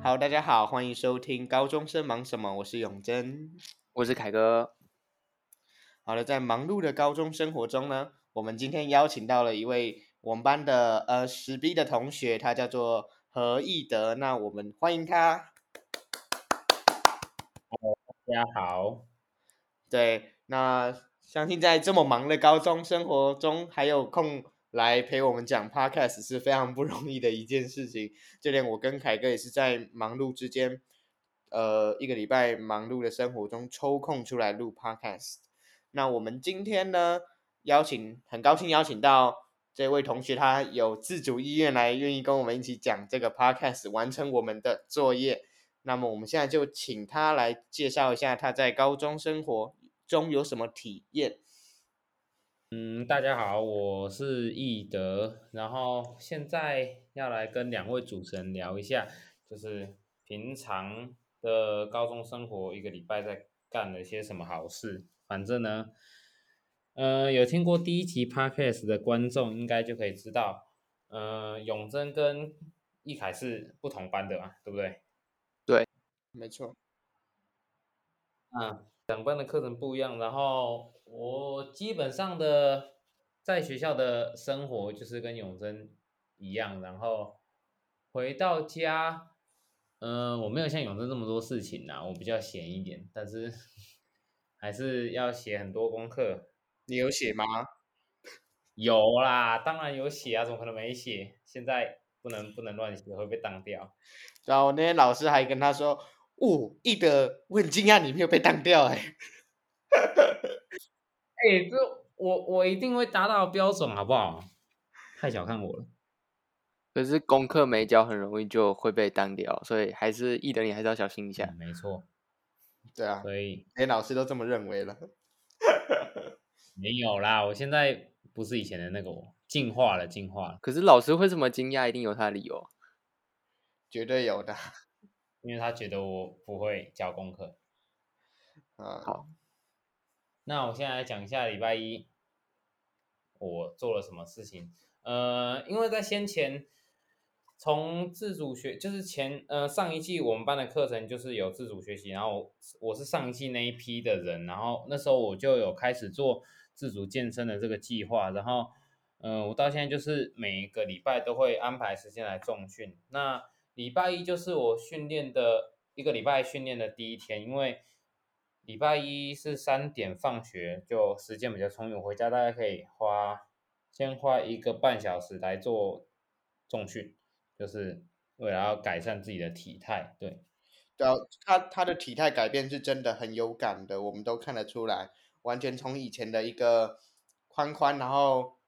好，大家好，歡迎收聽《高中生忙什麼》。我是永真，我是凱哥。好了，在忙碌的高中生活中呢，我們今天邀請到了一位我們班的呃十 B 的同學，他叫做何奕德。那我們歡迎他。大家好。對，那相信在這麼忙的高中生活中，還有空。來陪我們講 Podcast 是非常不容易的一件事情，就連我跟凱哥也是在忙碌之間，呃，一個禮拜忙碌的生活中抽空出來錄 Podcast。那我們今天呢，邀請，很高興邀請到這位同學，他有自主意願來，願意跟我們一起講這個 Podcast，完成我們的作業。那麼我們現在就請他來介紹一下他在高中生活中有什麼體驗。嗯，大家好，我是奕德，然後現在要來跟兩位主持人聊一下，就是平常的高中生活，一個禮拜在幹了些什麼好事。反正呢，呃，有聽過第一集 Podcast 的觀眾應該就可以知道，呃，永貞跟易凱是不同班的嘛，對不對？對，沒錯。嗯，兩班的課程不一樣，然後。我基本上的在學校的生活就是跟永珍一樣，然後回到家，呃，我沒有像永珍這麼多事情啦，我比較閒一點，但是還是要寫很多功課。你有寫嗎？有啦，當然有寫啊，怎麼可能沒寫？現在不能不能亂寫，會被當掉。 然後那些老師還跟他說：“哦，奕德，我很驚訝你沒有被當掉哎、欸。 ”哎、欸，這我我一定會達到標準，好不好？太小看我了。可是功課沒交很容易就會被當掉，所以還是奕德，你還是要小心一下。嗯、沒錯，對啊，所以連老師都這麼認為了。 沒有啦，我現在不是以前的那個我，進化了，進化了。可是老師會這麼驚訝？一定有他的理由，絕對有的，因為他覺得我不會交功課。嗯，好。那我現在來講一下禮拜一我做了什麼事情。呃，因為在先前從自主學就是前，呃，上一季我們班的課程就是有自主學習，然後我是上一季那一批的人，然後那時候我就有開始做自主健身的這個計劃，然後嗯、呃、我到現在就是每一個禮拜都會安排時間來重訓。那禮拜一就是我訓練的一個禮拜訓練的第一天，因為。禮拜一是三點放學，就時間比較充裕。我回家大概可以花，先花一個半小時來做重訓，就是為了要改善自己的體態。對，對啊，他他的體態改變是真的很有感的，我們都看得出來。完全從以前的一個寬寬，然後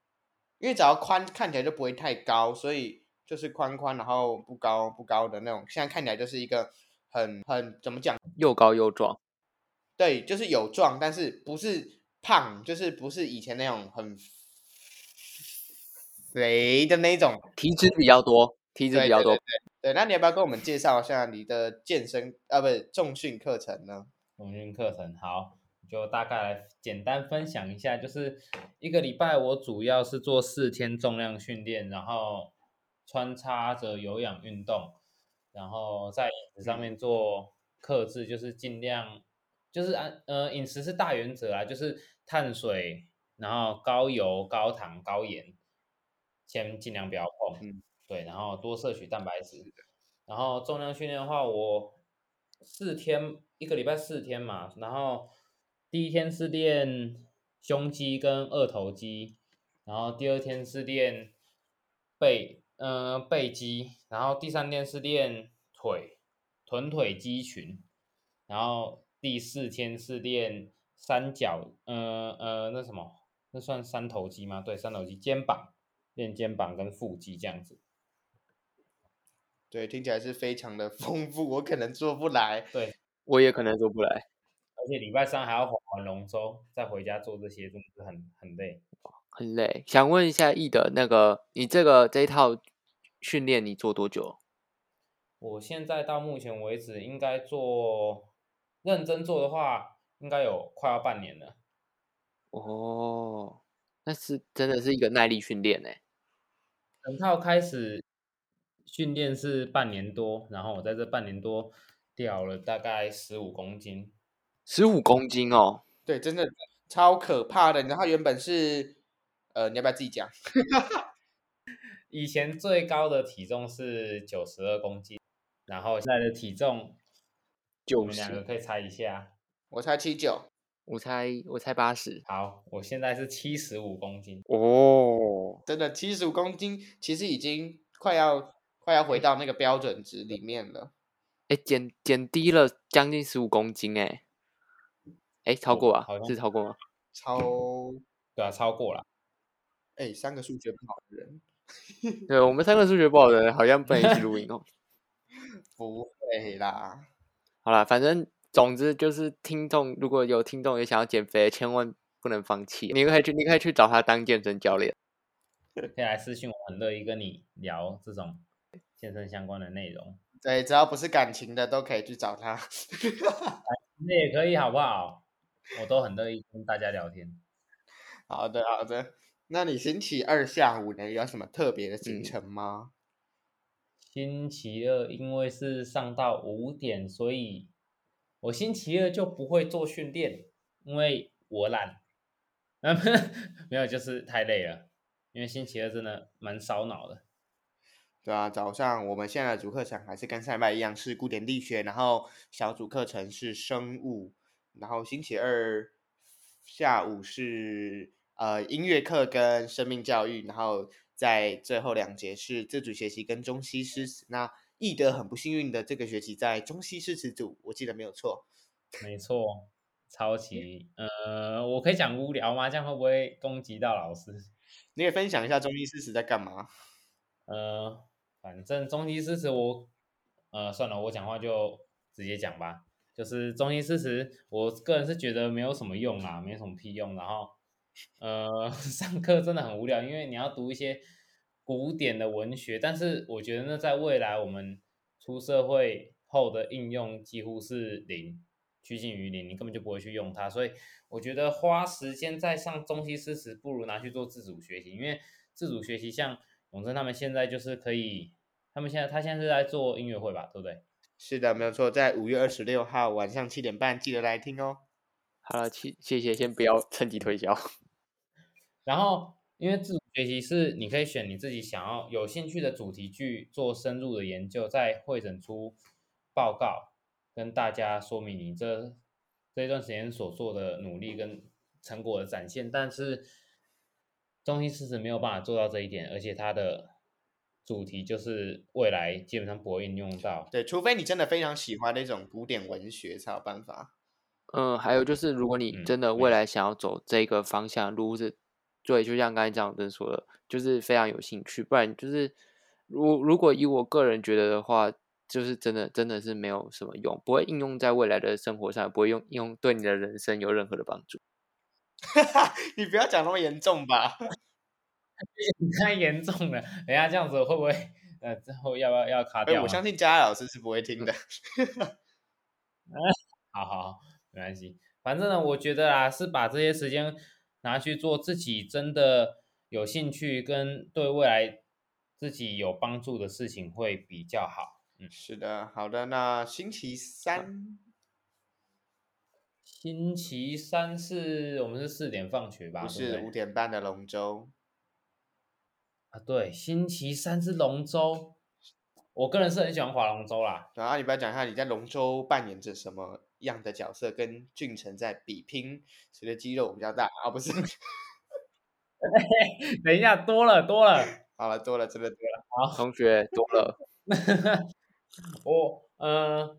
因為只要寬看起來就不會太高，所以就是寬寬，然後不高不高的那種。現在看起來就是一個很很怎麼講，又高又壯。對，就是有壯，但是不是胖，就是不是以前那種很肥的那種，體脂比較多，體脂比較多對對對對。對，那你要不要跟我們介紹一下你的健身，啊不是，重訓課程呢？重訓課程好，就大概簡單分享一下，就是一個禮拜我主要是做四天重量訓練，然後穿插着有氧運動，然後在飲食上面做克制，就是盡量。就是啊，呃，飲食是大原則啊，就是碳水，然後高油、高糖、高鹽，先盡量不要碰，嗯，對，然後多攝取蛋白質，然後重量訓練的話，我四天一個禮拜四天嘛，然後第一天是練胸肌跟二頭肌，然後第二天是練背，呃，背肌，然後第三天是練腿，臀腿肌群，然後。第四天是練三角，呃呃，那什麼，那算三頭肌嗎？對，三頭肌、肩膀，練肩膀跟腹肌這樣子。對，聽起來是非常的豐富，我可能做不來。對，我也可能做不來。而且禮拜三還要玩龍舟，再回家做這些，是不是很很累？很累。想問一下奕德，那個你這個這一套訓練你做多久？我現在到目前為止應該做，認真做的話，應該有快要半年了。哦，那是真的是一個耐力訓練耶。整套開始訓練是半年多，然後我在這半年多掉了大概十五公斤。十五公斤哦？對，真的超可怕的。然後原本是，呃，你要不要自己講？ 以前最高的體重是九十二公斤，然後現在的體重。就我們兩個可以猜一下，我猜七九，我猜我猜八十。好，我現在是七十五公斤哦，oh, 真的七十五公斤，其實已經快要快要回到那個標準值裡面了。哎、 欸，減減低了將近十五公斤、欸，哎、欸、哎，超過啊？是超過嗎？超，對啊，超過了。哎、 欸，三個數學不好的人， 對我們三個數學不好的人，好像不能一起錄影哦。 不會啦。好了，反正總之就是聽眾，如果有聽眾也想要減肥，千萬不能放棄。你可以去，你可以去找他當健身教練，可以來私信我，很樂意跟你聊這種健身相關的內容。對，只要不是感情的，都可以去找他，那 也可以，好不好？我都很樂意跟大家聊天。好的，好的。那你星期二下午呢，有什麼特別的行程嗎？嗯星期二因為是上到五點，所以我星期二就不會做訓練，因為我懶，嗯、呵呵沒有就是太累了，因為星期二真的蠻燒腦的。對啊，早上我們現在的主課程還是跟上半一樣是古典力學，然後小組課程是生物，然後星期二下午是呃音樂課跟生命教育，然後。在最後兩節是自主學習跟中西詩詞。那奕德很不幸運的這個學期在中西詩詞組，我記得沒有錯。沒錯，超級呃，我可以講無聊嗎？這樣會不會攻擊到老師？你也分享一下中西詩詞在幹嘛？呃，反正中西詩詞我呃算了，我講話就直接講吧。就是中西詩詞，我個人是覺得沒有什麼用啊，沒什麼屁用。然後。呃，上課真的很無聊，因為你要讀一些古典的文學，但是我覺得那在未來我們出社會後的應用幾乎是零，趨近於零，你根本就不會去用它。所以我覺得花時間在上中西詩詞，不如拿去做自主學習，因為自主學習像永正他們現在就是可以，他們現在他現在是在做音樂會吧，對不對？是的，沒有錯，在五月二十六號晚上七點半，記得來聽哦。好了，謝謝謝，先不要趁機推銷。然後，因為自主學習是你可以選你自己想要、有興趣的主題去做深入的研究，再彙整出報告，跟大家說明你這這一段時間所做的努力跟成果的展現。但是，中心思想沒有辦法做到這一點，而且它的主題就是未來基本上不會應用到。對，除非你真的非常喜歡那種古典文學，才有辦法。嗯，還有就是，如果你真的未來想要走這個方向、嗯、路是，是、嗯，對，就像剛才張老師說的，就是非常有興趣，不然就是，如果如果以我個人覺得的話，就是真的真的是沒有什麼用，不會應用在未來的生活上，不會用應用對你的人生有任何的幫助。哈哈，你不要講那麼嚴重吧， 太嚴重了，等下這樣子會不會，呃，之後要不要要卡掉，啊。哎、欸，我相信佳佳老師是不會聽的。哈、嗯、哈。嗯、 呃，好好。沒關係，反正呢，我覺得啊，是把這些時間拿去做自己真的有興趣跟對未來自己有幫助的事情會比較好。嗯，是的，好的。那星期三，啊、星期三是我們是四點放學吧？不是，對不對？五點半的龍舟。啊，對，星期三是龍舟。我個人是很喜歡划龍舟啦。然、啊、後你不要講一下你在龍舟扮演着什麼？一樣的角色跟俊成在比拼，誰的肌肉比較大啊？哦、不是， 等一下多了多了，好了多了真的多了，好同學多了。我、 哦、呃，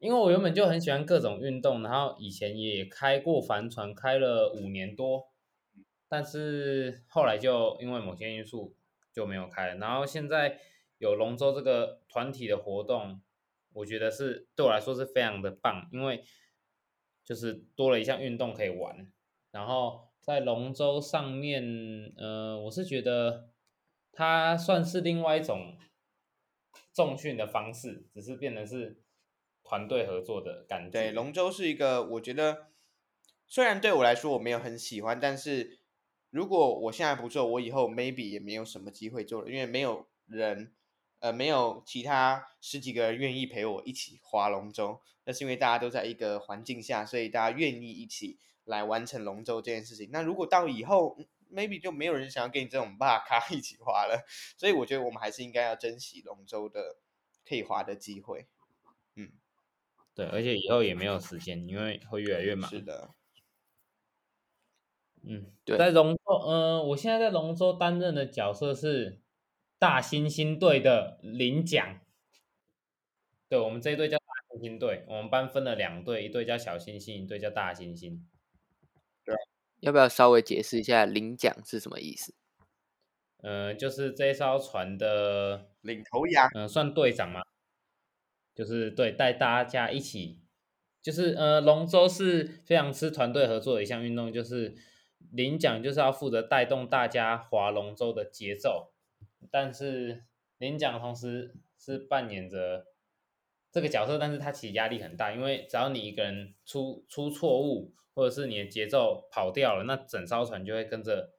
因為我原本就很喜歡各種運動，然後以前也開過帆船，開了五年多，但是後來就因為某些因素就沒有開了，然後現在有龍舟這個團體的活動。我覺得是對我來說是非常的棒，因為就是多了一項運動可以玩。然後在龍舟上面，呃，我是覺得它算是另外一種重訓的方式，只是變成得是團隊合作的感覺。對，龍舟是一個，我覺得雖然對我來說我沒有很喜歡，但是如果我現在不做，我以後 maybe 也沒有什麼機會做了，因為沒有人。呃，沒有其他十幾個人願意陪我一起划龍舟，那是因為大家都在一個環境下，所以大家願意一起來完成龍舟這件事情。那如果到以後，maybe 就沒有人想要跟你這種大咖一起划了，所以我覺得我們還是應該要珍惜龍舟的可以划的機會。嗯，對，而且以後也沒有時間，因為會越來越忙。是的。嗯，對。在龍舟，呃，我現在在龍舟擔任的角色是。大猩猩隊的領獎，對我們這一隊叫大猩猩隊。我們班分了兩隊，一隊叫小猩猩，一隊叫大猩猩。對，要不要稍微解釋一下領獎是什麼意思？呃、就是這艘船的領頭羊。嗯、呃，算隊長嗎？就是對，帶大家一起。就是呃，龍舟是非常吃團隊合作的一項運動，就是領獎就是要負責帶動大家划龍舟的節奏。但是領獎的同時是扮演着這個角色，但是他其實壓力很大，因為只要你一個人出出錯誤，或者是你的節奏跑掉了，那整艘船就會跟着，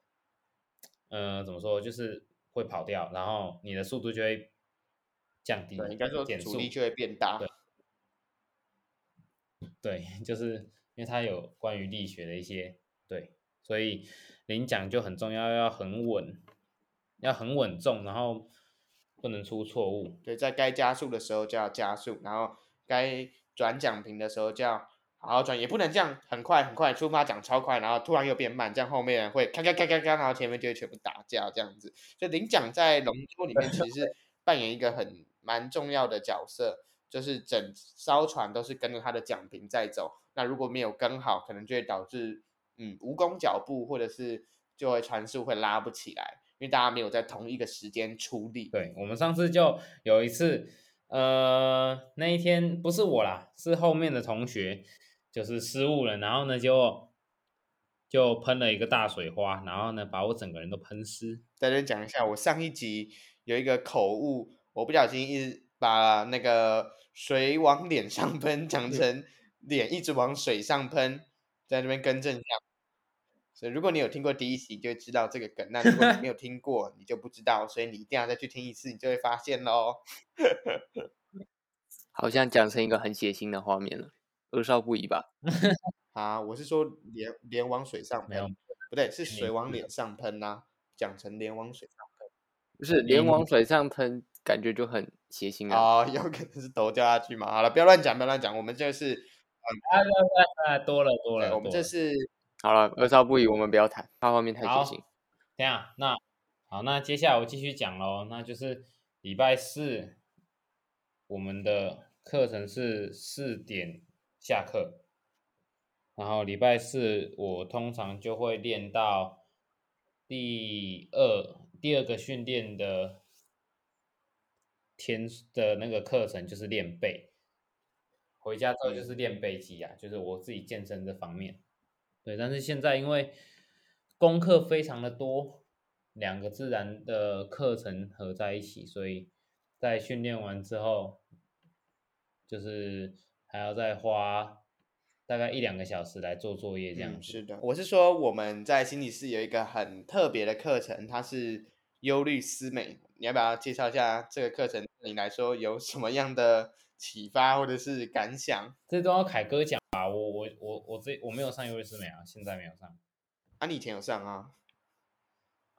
呃，怎麼說，就是會跑掉，然後你的速度就會降低，對，你應該說阻力就會變大，對，對就是因為它有關於力學的一些對，所以領獎就很重要，要很穩。要很穩重，然後不能出錯誤。對，在該加速的時候就要加速，然後該轉槳頻的時候就要好好轉，也不能這樣很快很快出發，槳超快，然後突然又變慢，這樣後面會咔咔咔咔咔咔，然後前面就會全部打架這樣子。所以領槳在龍舟裡面其實是扮演一個很 蠻重要的角色，就是整艘船都是跟着他的槳頻在走。那如果沒有跟好，可能就會導致嗯蜈蚣腳步，或者是就會船速會拉不起來。因為大家沒有在同一個時間出力，對，我們上次就有一次，呃，那一天不是我啦，是後面的同學，就是失誤了，然後呢就就噴了一個大水花，然後呢把我整個人都噴濕。在這講一下，我上一集有一個口誤，我不小心一直把那個水往臉上噴，講成臉一直往水上噴，在這邊更正一下。所以如果你有聽過第一集，你就會知道這個梗。那如果你沒有聽過，你就不知道。 所以你一定要再去聽一次，你就會發現嘍。 好像講成一個很血腥的畫面了，惡少不已吧？ 啊，我是說臉臉往水上噴，不對，是水往臉上噴吶、啊。講成臉往水上噴，不是臉往水上噴，感覺就很血腥啊、 哦。有可能是頭掉下去嘛。好了，不要亂講，不要亂講。我們這、就是啊啊啊，多了多了，okay，多了，我們這、就是。好了，兒少不宜，嗯，我們不要談，他方面太吵。行。好，這樣那好，那接下來我繼續講嘍。那就是禮拜四，我們的課程是四點下課。然後禮拜四我通常就會練到第二第二個訓練的天的那個課程，就是練背。回家之後就是練背肌啊、嗯，就是我自己健身這方面。對，但是現在因為功課非常的多，兩個自然的課程合在一起，所以在訓練完之後，就是還要再花大概一兩個小時來做作業這樣子。嗯，是的，我是說我們在心理室有一個很特別的課程，它是優律思美，你要不要介紹一下這個課程對你來說有什麼樣的？啟發或者是感想，這都要凱哥講吧。我我我我這，我沒有上優律司美啊，現在沒有上。啊，你以前有上啊？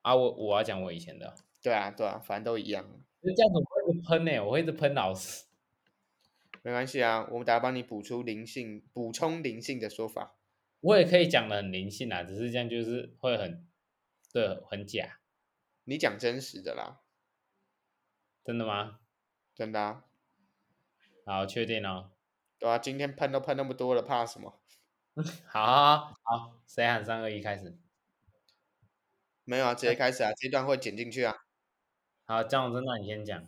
啊，我我要講我以前的。對啊對啊，反正都一樣。這樣子怎麼會噴呢？欸？我會一直噴老師。沒關係啊，我們等下幫你補充靈性，補充靈性的說法。我也可以講的很靈性啊，只是這樣就是會很，對，很假。你講真實的啦。真的嗎？真的啊。好，確定哦。對啊，今天噴都噴那麼多了，怕什麼？ 好，好，好，誰喊三二一開始？沒有啊，直接開始啊， 這一段會剪進去啊。好，張榮真的，那你先講。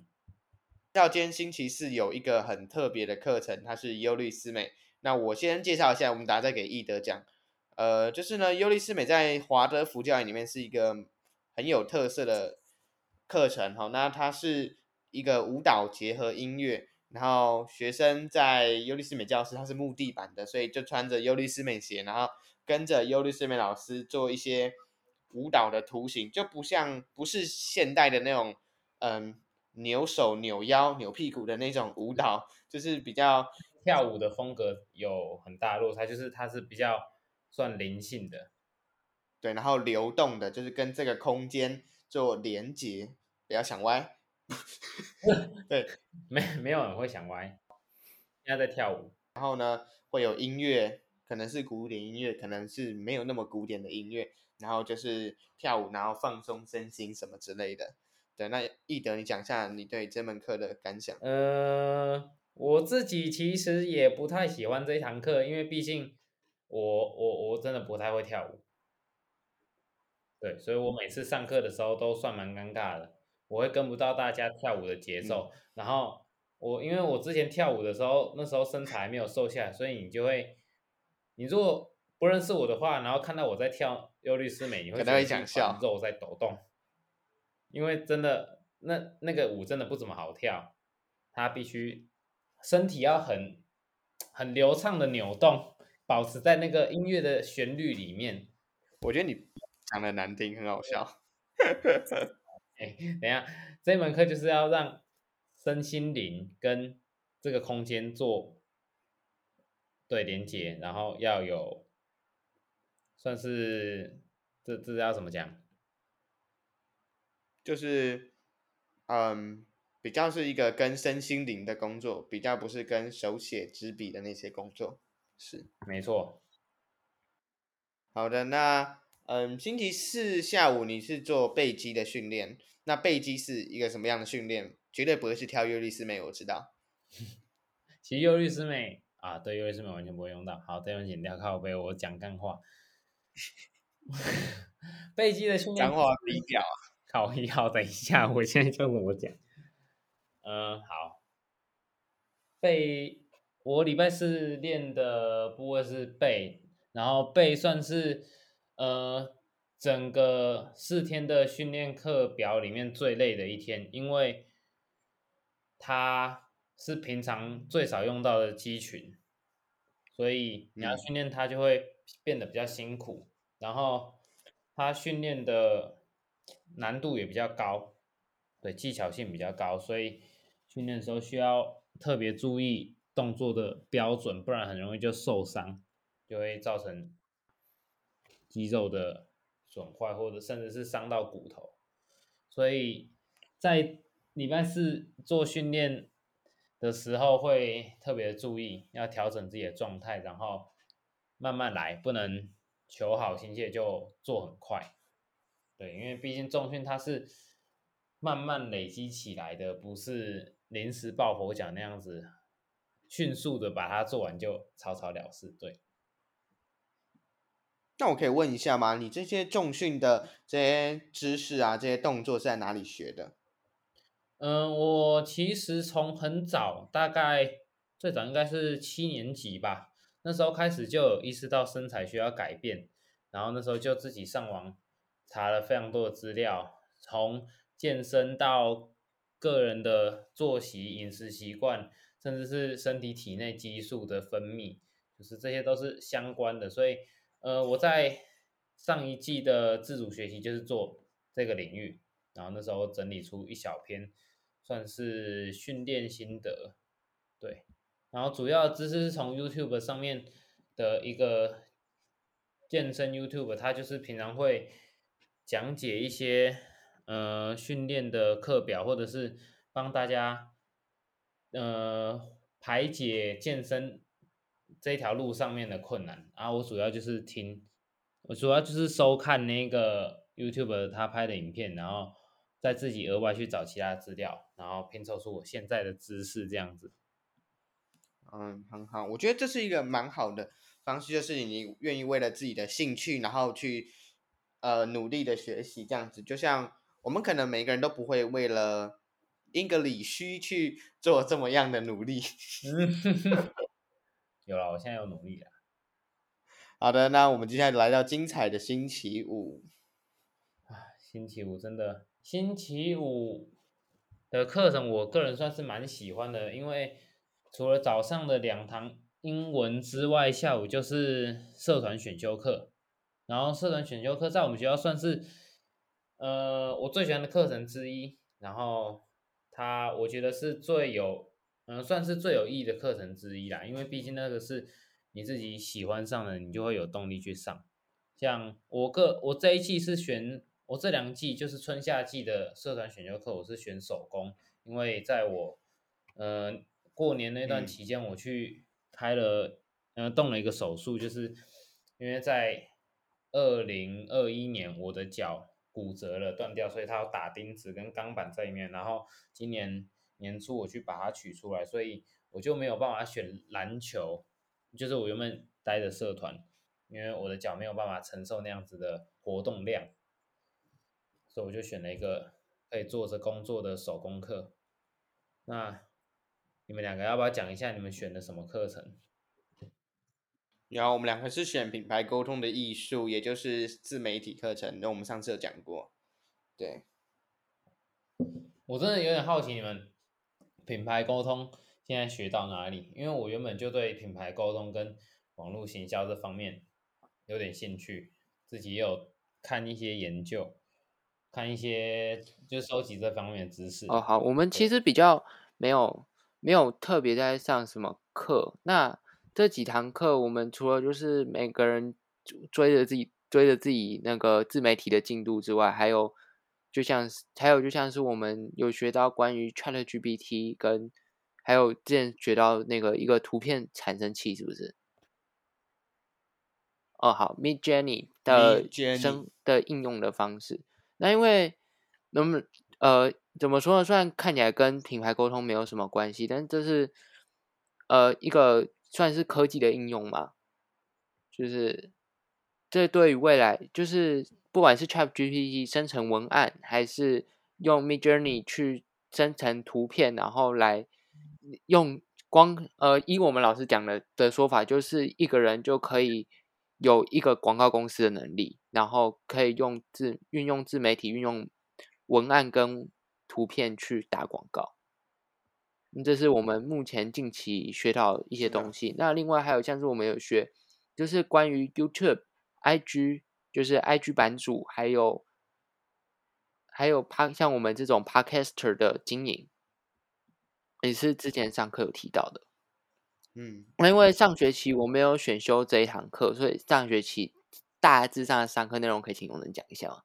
到今天星期四有一個很特別的課程，它是優律思美。那我先介紹一下，我們大家再給奕德講，呃，就是呢，優律思美在華德福教育裡面是一個很有特色的課程。好，那它是一個舞蹈結合音樂。然後學生在優律思美教室，他是木地板的，所以就穿着優律思美鞋，然後跟着優律思美老師做一些舞蹈的圖形，就不像、不是現代的那種，嗯，扭手、扭腰、扭屁股的那種舞蹈，就是比較跳舞的風格有很大的落差，就是它是比較算靈性的，對，然後流動的，就是跟這個空間做連接，不要想歪。 對，沒沒有人會想歪。現在在跳舞，然後呢會有音樂，可能是古典音樂，可能是沒有那麼古典的音樂，然後就是跳舞，然後放鬆身心什麼之類的。對，那奕德，你講一下你對這門課的感想。呃，我自己其實也不太喜歡這堂課，因為畢竟我我我真的不太會跳舞。對，所以我每次上課的時候都算蠻尷尬的。我會跟不到大家跳舞的節奏，嗯、然後我因為我之前跳舞的時候，那時候身材沒有瘦下來，所以你就會，你如果不認識我的話，然後看到我在跳優律思美，你會跟他會想笑，肉在抖動，因為真的那那個舞真的不怎麼好跳，它必須身體要很很流暢的扭動，保持在那個音樂的旋律裡面。我覺得你講的難聽，很好笑。哎，等下，這門課就是要讓身心靈跟這個空間做對連接，然後要有算是這這是要怎麼講？就是嗯，比較是一個跟身心靈的工作，比較不是跟手寫紙筆的那些工作。是，沒錯。好的，那嗯，星期四下午你是做背肌的訓練。那背肌是一個什麼樣的訓練？絕對不會去跳優律思美，我知道。其實優律思美啊，對優律思美完全不會用到。好，這樣剪掉靠北，我講幹話。 背肌的訓練。幹話比較好一等一下，我現在就怎麼講？嗯、呃，好。背，我禮拜四練的部位是背，然後背算是呃。整個四天的訓練課表裡面最累的一天，因為它是平常最少用到的肌群，所以你要訓練它就會變得比較辛苦，然後它訓練的難度也比較高，對，技巧性比較高，所以訓練的時候需要特別注意動作的標準，不然很容易就受傷，就會造成肌肉的。損壞或者甚至是傷到骨頭，所以在禮拜四做訓練的時候會特別注意，要調整自己的狀態，然後慢慢來，不能求好心切就做很快。對，因為畢竟重訓它是慢慢累積起來的，不是臨時抱佛腳那樣子，迅速的把它做完就草草了事。對。那我可以問一下嗎？你這些重訓的這些知識啊，這些動作是在哪裡學的？嗯、呃，我其實從很早，大概最早應該是七年級吧，那時候開始就有意識到身材需要改變，然後那時候就自己上網查了非常多的資料，從健身到個人的作息、飲食習慣，甚至是身體體內激素的分泌，就是這些都是相關的，所以。呃，我在上一季的自主學習就是做這個領域，然後那時候整理出一小篇，算是訓練心得，對，然後主要知識是從 YouTube 上面的一個健身 YouTube，它就是平常會講解一些呃訓練的課表，或者是幫大家呃排解健身。這條路上面的困難，然後、啊、後我主要就是聽，我主要就是收看那個 YouTuber 他拍的影片，然後再自己額外去找其他資料，然後拼湊出我現在的知識這樣子。嗯，很好，好，我覺得這是一個蠻好的方式，就是你願意為了自己的興趣，然後去呃努力的學習這樣子。就像我們可能每一個人都不會為了 English 去做這麼樣的努力。 有了，我現在要努力了。好的，那我們接下來來到精彩的星期五。唉，星期五真的，星期五的課程我個人算是蠻喜歡的，因為除了早上的兩堂英文之外，下午就是社團選修課。然後社團選修課在我們學校算是，呃，我最喜歡的課程之一。然後它，我覺得是最有。嗯，算是最有意義的課程之一啦，因為畢竟那個是你自己喜歡上的，你就會有動力去上。像我個，我這一季是選，我這兩季就是春夏季的社團選修課，我是選手工，因為在我，呃，過年那段期間，我去開了，嗯、呃，動了一個手術，就是因為在二零二一年我的腳骨折了，斷掉，所以他要打釘子跟鋼板在裡面，然後今年。年初我去把它取出來，所以我就沒有辦法選籃球，就是我原本待的社團，因為我的腳沒有辦法承受那樣子的活動量，所以我就選了一個可以坐着工作的手工課。那你們兩個要不要講一下你們選的什麼課程？然後我們兩個是選品牌溝通的藝術，也就是自媒體課程，那我們上次有講過，對。我真的有點好奇你們。品牌溝通現在學到哪裡？因為我原本就對品牌溝通跟網絡行銷這方面有點興趣，自己也有看一些研究，看一些就收集這方面的知識。哦，好，我們其實比較沒有沒有特別在上什麼課。那這幾堂課，我們除了就是每個人追着自己追着自己那個自媒體的進度之外，還有。就像是，還有就像是我們有學到關於 ChatGPT 跟，還有之前學到那個一個圖片產生器，是不是？哦、oh,，好，Midjourney 的生 Midjourney. 的應用的方式。那因為，那麼呃，怎麼說呢？雖然看起來跟品牌溝通沒有什麼關係，但這是呃一個算是科技的應用嘛？就是這對於未來，就是。不管是 ChatGPT 生成文案，還是用 Midjourney 去生成圖片，然後來用光，呃，依我們老師講的的說法，就是一個人就可以有一個廣告公司的能力，然後可以用自運用自媒體、運用文案跟圖片去打廣告。這是我們目前近期學到一些東西。那另外還有像是我們有學，就是關於 YouTube、IG。就是 IG 版主，還有還有帕像我們這種 Podcaster 的經營，也是之前上課有提到的。嗯，那因為上學期我沒有選修這一堂課，所以上學期大致上的上課內容可以請我們講一下嗎？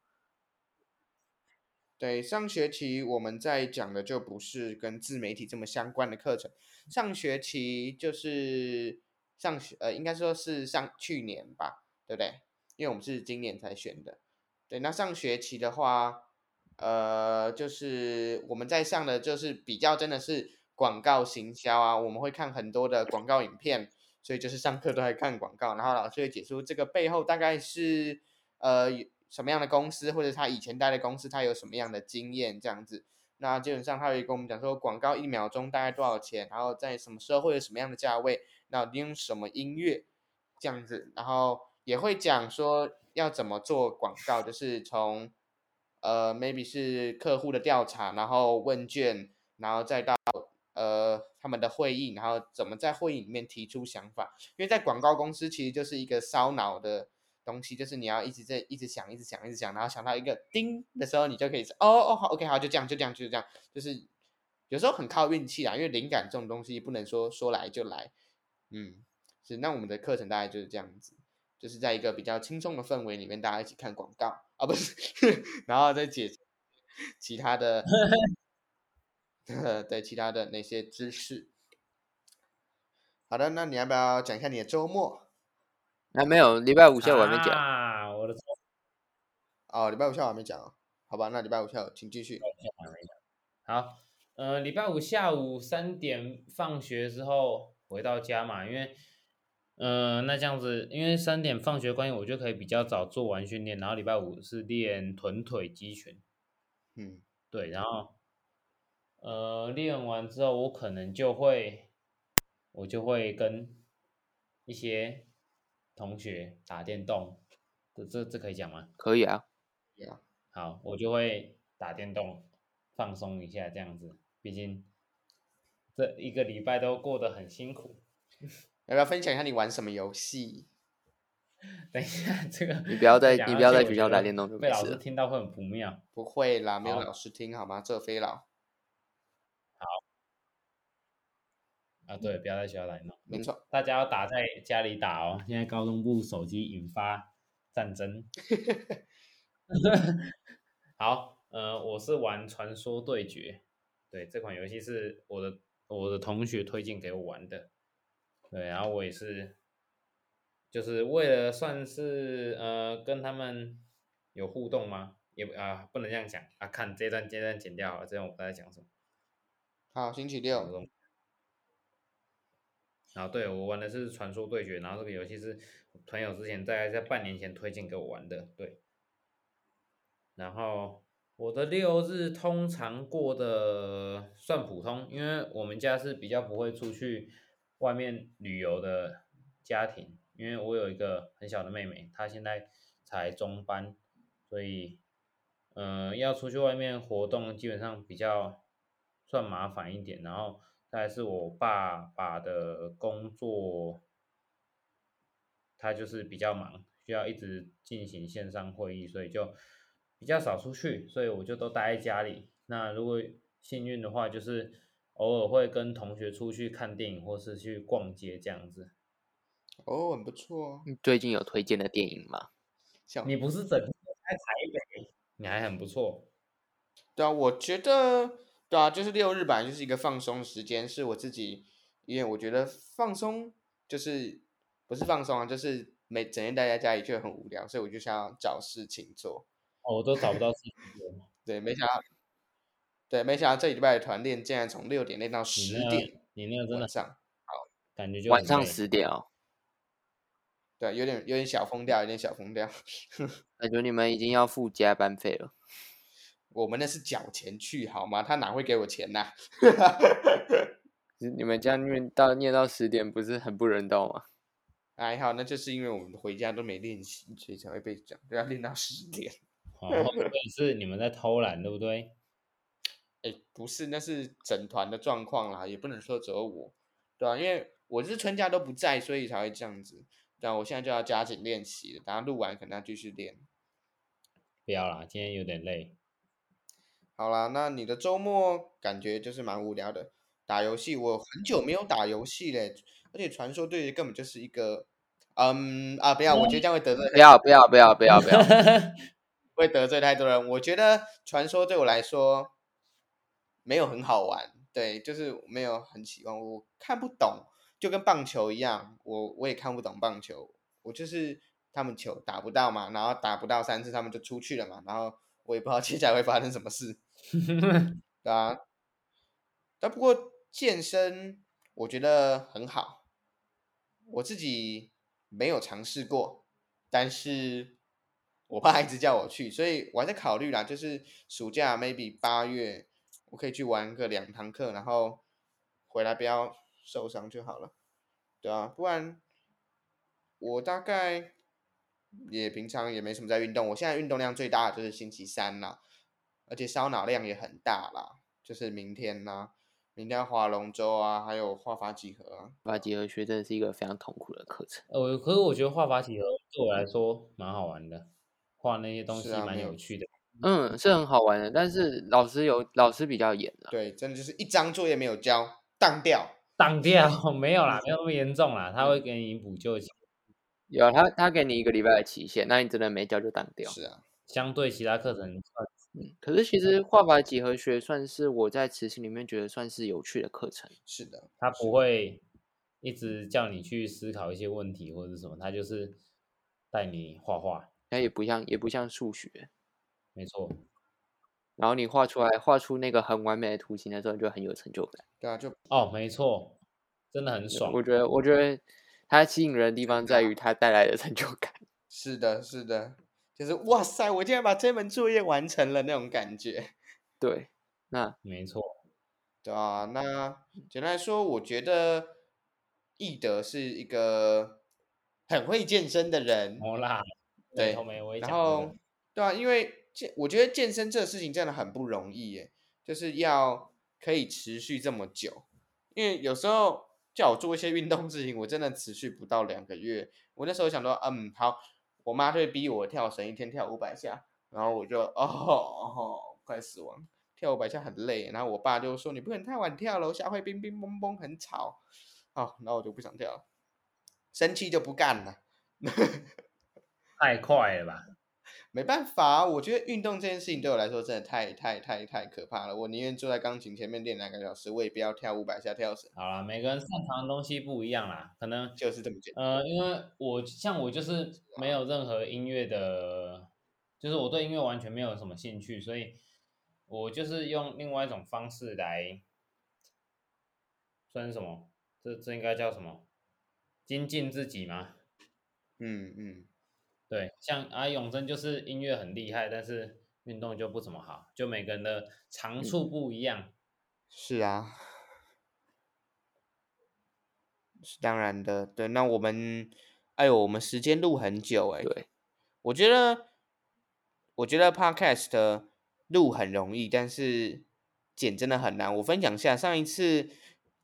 對，上學期我們在講的就不是跟自媒體這麼相關的課程。上學期就是上學，呃，應該說是上去年吧，對不對？因為我們是今年才選的，對，那上學期的話，呃，就是我們在上的就是比較真的是廣告行銷啊，我們會看很多的廣告影片，所以就是上課都在看廣告，然後老師會解說這個背後大概是呃什麼樣的公司，或者他以前待的公司他有什麼樣的經驗這樣子，那基本上他會跟我們講說，廣告一秒鐘大概多少錢，然後在什麼時候會有什麼樣的價位，然後你用什麼音樂，這樣子，然後。也會講說要怎麼做廣告，就是從，呃，maybe 是客戶的調查，然後問卷，然後再到呃他們的會議，然後怎麼在會議裡面提出想法。因為在廣告公司其實就是一個燒腦的東西，就是你要一直在一直想，一直想，一直想，然後想到一個叮的時候，你就可以哦哦好，OK 好，就這樣，就這樣，就是這樣，就是有時候很靠運氣啦，因為靈感這種東西不能說說來就來，嗯，是，那我們的課程大概就是這樣子。就是在一個比較輕鬆的氛圍裡面，大家一起看廣告啊，哦、不是，然後再解其他的，對 其他的那些知識？好的，那你要不要講一下你的週末？那、啊、沒有，禮拜五下午還沒講。啊、我的哦，禮拜五下午還沒講、哦、好吧，那禮拜五下午請繼續。好，呃，禮拜五下午三點放學之後回到家嘛，因為。嗯、呃，那這樣子，因為三點放學關係，我就可以比較早做完訓練，然後禮拜五是練臀腿肌群，嗯，對，然後，呃，練完之後我可能就會，我就會跟一些同學打電動，這這這可以講嗎？可以啊。好，我就會打電動放鬆一下，這樣子，畢竟這一個禮拜都過得很辛苦。 要不要分享一下你玩什麼遊戲？等一下，這個你不要在你不要在學校打電動，被老師聽到會很不妙。不會啦，沒有老師聽好，好嗎？這非老。好。啊，對，不要在學校打鬧。沒錯，嗯，大家要打在家裡打哦。現在高中部手機引發戰爭。 好，呃，我是玩《傳說對決》。對，對這款遊戲是我的我的同學推薦給我玩的。對，然後我也是，就是為了算是呃，跟他們有互動嗎？也不啊不能這樣講啊，看這段、這段剪掉好了，這段我不太想說。好，星期六。然後對，我玩的是《傳說對決》，然後這個遊戲是團友之前大概在半年前推薦給我玩的，對。然後我的六日通常過得算普通，因為我們家是比較不會出去外面旅遊的家庭，因為我有一個很小的妹妹，她現在才中班，所以，嗯、呃，要出去外面活動，基本上比較算麻煩一點。然後，但是我爸爸的工作，他就是比較忙，需要一直進行線上會議，所以就比較少出去，所以我就都待在家裡。那如果幸運的話，就是。偶爾會跟同學出去看電影，或是去逛街這樣子。哦，很不錯哦、啊。你最近有推薦的電影嗎？你不是整天在台北？你還很不錯、嗯。對啊，我覺得對啊，就是六日本來就是一個放鬆時間，是我自己，因為我覺得放鬆就是不是放鬆啊，就是每整天待在家裡就很無聊，所以我就想要找事情做。哦，我都找不到事情做。 對，沒想到。嗯對，沒想到這禮拜的團練竟然從六點練到十點，你那個真的上，好，感覺就晚上十點哦，對，有點有點小瘋掉，有點小瘋掉，感 覺得你們已經要付加班費了。我們那是繳錢去，好嗎？他哪會給我錢呢、啊？ 你們這樣練到練到十點，不是很不人道嗎？還、哎、好，那就是因為我們回家都沒練習，所以才會被講，都要練到十點， 後是你們在偷懶，對不對？哎，不是，那是整團的狀況啦，也不能說只有我，對啊，因為我是春假都不在，所以才會這樣子。那我現在就要加緊練習，等下錄完可能要繼續練。不要啦，今天有點累。好啦，那你的周末感覺就是蠻無聊的，打遊戲。我很久沒有打遊戲嘞，而且傳說對於根本就是一個，嗯啊，不要，嗯、我覺得這樣會得罪，不要不要不要不要不要，不要不要不要 會得罪太多人。我覺得傳說對我來說。沒有很好玩，對，就是沒有很喜歡，我看不懂，就跟棒球一樣，我我也看不懂棒球，我就是他們球打不到嘛，然後打不到三次他們就出去了嘛，然後我也不知道接下來會發生什麼事， 對吧、啊，但不過健身我覺得很好，我自己沒有嘗試過，但是我爸一直叫我去，所以我還在考慮啦，就是暑假 maybe 八月。我可以去玩個兩堂課，然後回來不要受傷就好了，對啊，不然我大概也平常也沒什麼在運動，我現在運動量最大就是星期三啦，而且燒腦量也很大了，就是明天啦，啊，明天要划龍舟啊，還有畫法幾何啊，畫法幾何學真的是一個非常痛苦的課程。呃、哦，可是我覺得畫法幾何對我來說蠻好玩的，畫那些東西蠻有趣的。嗯，是很好玩的，但是老師有、嗯、老師比較嚴了。對，真的就是一張作業沒有交，當掉，當掉，沒有啦，沒有那麼嚴重啦，他會給你補救一下。有、啊、他，他給你一個禮拜的期限，那你真的沒交就當掉。是啊，相對其他課程算是、嗯，可是其實畫法幾何學算是我在慈行裡面覺得算是有趣的課程是的。是的，他不會一直叫你去思考一些問題或者什麼，他就是帶你畫畫。那也不像，也不像數學。沒錯，然後你畫出來，畫出那個很完美的圖形的時候，你就很有成就感。對啊，就哦，沒錯，真的很爽。我覺得，okay. 我覺得它吸引人的地方在於它帶來的成就感。是的，是的，就是哇塞，我竟然把這門作業完成了，那種感覺。對，那沒錯。對啊，那簡單來說，我覺得奕德是一個很會健身的人。好啦，對，然後對啊，因為。健，我覺得健身這個事情真的很不容易耶，就是要可以持續這麼久。因為有時候叫我做一些運動事情，我真的持續不到兩個月。我那時候想說，嗯，好，我媽就會逼我跳繩，一天跳五百下，然後我就哦哦，哦，快死亡，跳五百下很累。然後我爸就說，嗯、你不能太晚跳了，樓下會乒乒嘣嘣，很吵。哦，然後我就不想跳，生氣就不幹了。 太快了吧！沒辦法，我覺得運動這件事情對我來說真的太太太太可怕了。我寧願坐在鋼琴前面練兩個小時，我也不要跳五百下跳繩。好啦，每個人擅長的東西不一樣啦，可能就是這麼簡單。呃，因為我像我就是沒有任何音樂的、啊，就是我對音樂完全沒有什麼興趣，所以我就是用另外一種方式來，算是什麼？這這應該叫什麼？精進自己嗎？嗯嗯。對，像阿、啊、永真就是音樂很厲害，但是運動就不怎麼好，就每個人的長處不一樣。嗯、是啊，是當然的。對，那我們哎呦，我們時間錄很久哎、欸。對，我覺得我覺得 Podcast 錄很容易，但是剪真的很難。我分享一下，上一次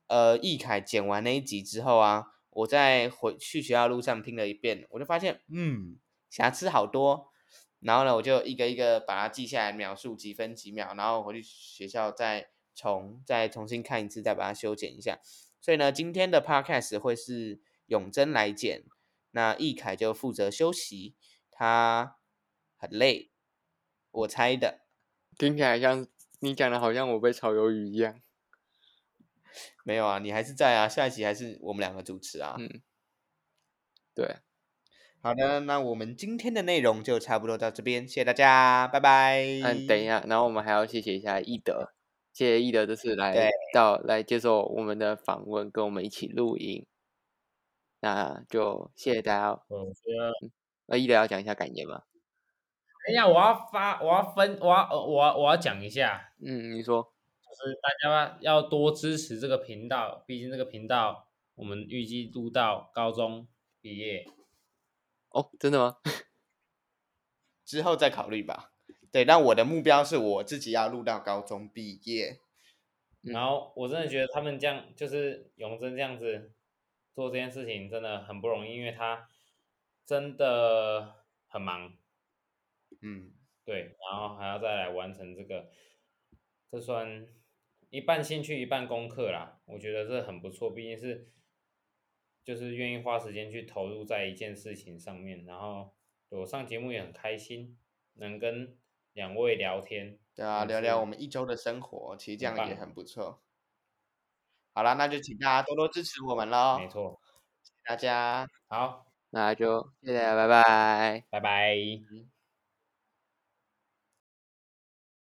呃易凱剪完那一集之後啊，我在回去學校路上聽了一遍，我就發現嗯。瑕疵好多，然後呢，我就一個一個把它記下來，秒數幾分幾秒，然後回去學校再重再重新看一次，再把它修剪一下。所以呢，今天的 podcast 會是永真來剪，那易凱就負責休息，他很累，我猜的。聽起來像你講的，好像我被炒魷魚一樣。沒有啊，你還是在啊，下一期還是我們兩個主持啊。嗯，對。好的，那我們今天的內容就差不多到這邊，謝謝大家，拜拜。嗯，等一下，然後我們還要謝謝一下奕德，謝謝奕德這次來到來接受我們的訪問，跟我們一起錄音。那就謝謝大家我覺得。嗯，那奕德要講一下感言嗎？等一下，我要發，我要分，我要、呃、我要我要講一下。嗯，你說。就是大家要多支持這個頻道，畢竟這個頻道我們預計錄到高中畢業。哦，真的嗎？之後再考慮吧。對，那我的目標是我自己要錄到高中畢業。然後我真的覺得他們這樣，就是永真這樣子做這件事情真的很不容易，因為他真的很忙。嗯，對，然後還要再來完成這個，這算一半興趣一半功課啦。我覺得這很不錯，畢竟是。就是願意花時間去投入在一件事情上面，然後我上節目也很開心，能跟兩位聊天，對啊，聊聊我們一周的生活，其實這樣也很不錯。好了，那就請大家多多支持我們嘍。沒錯，大家好，那就謝謝，拜拜，拜拜。嗯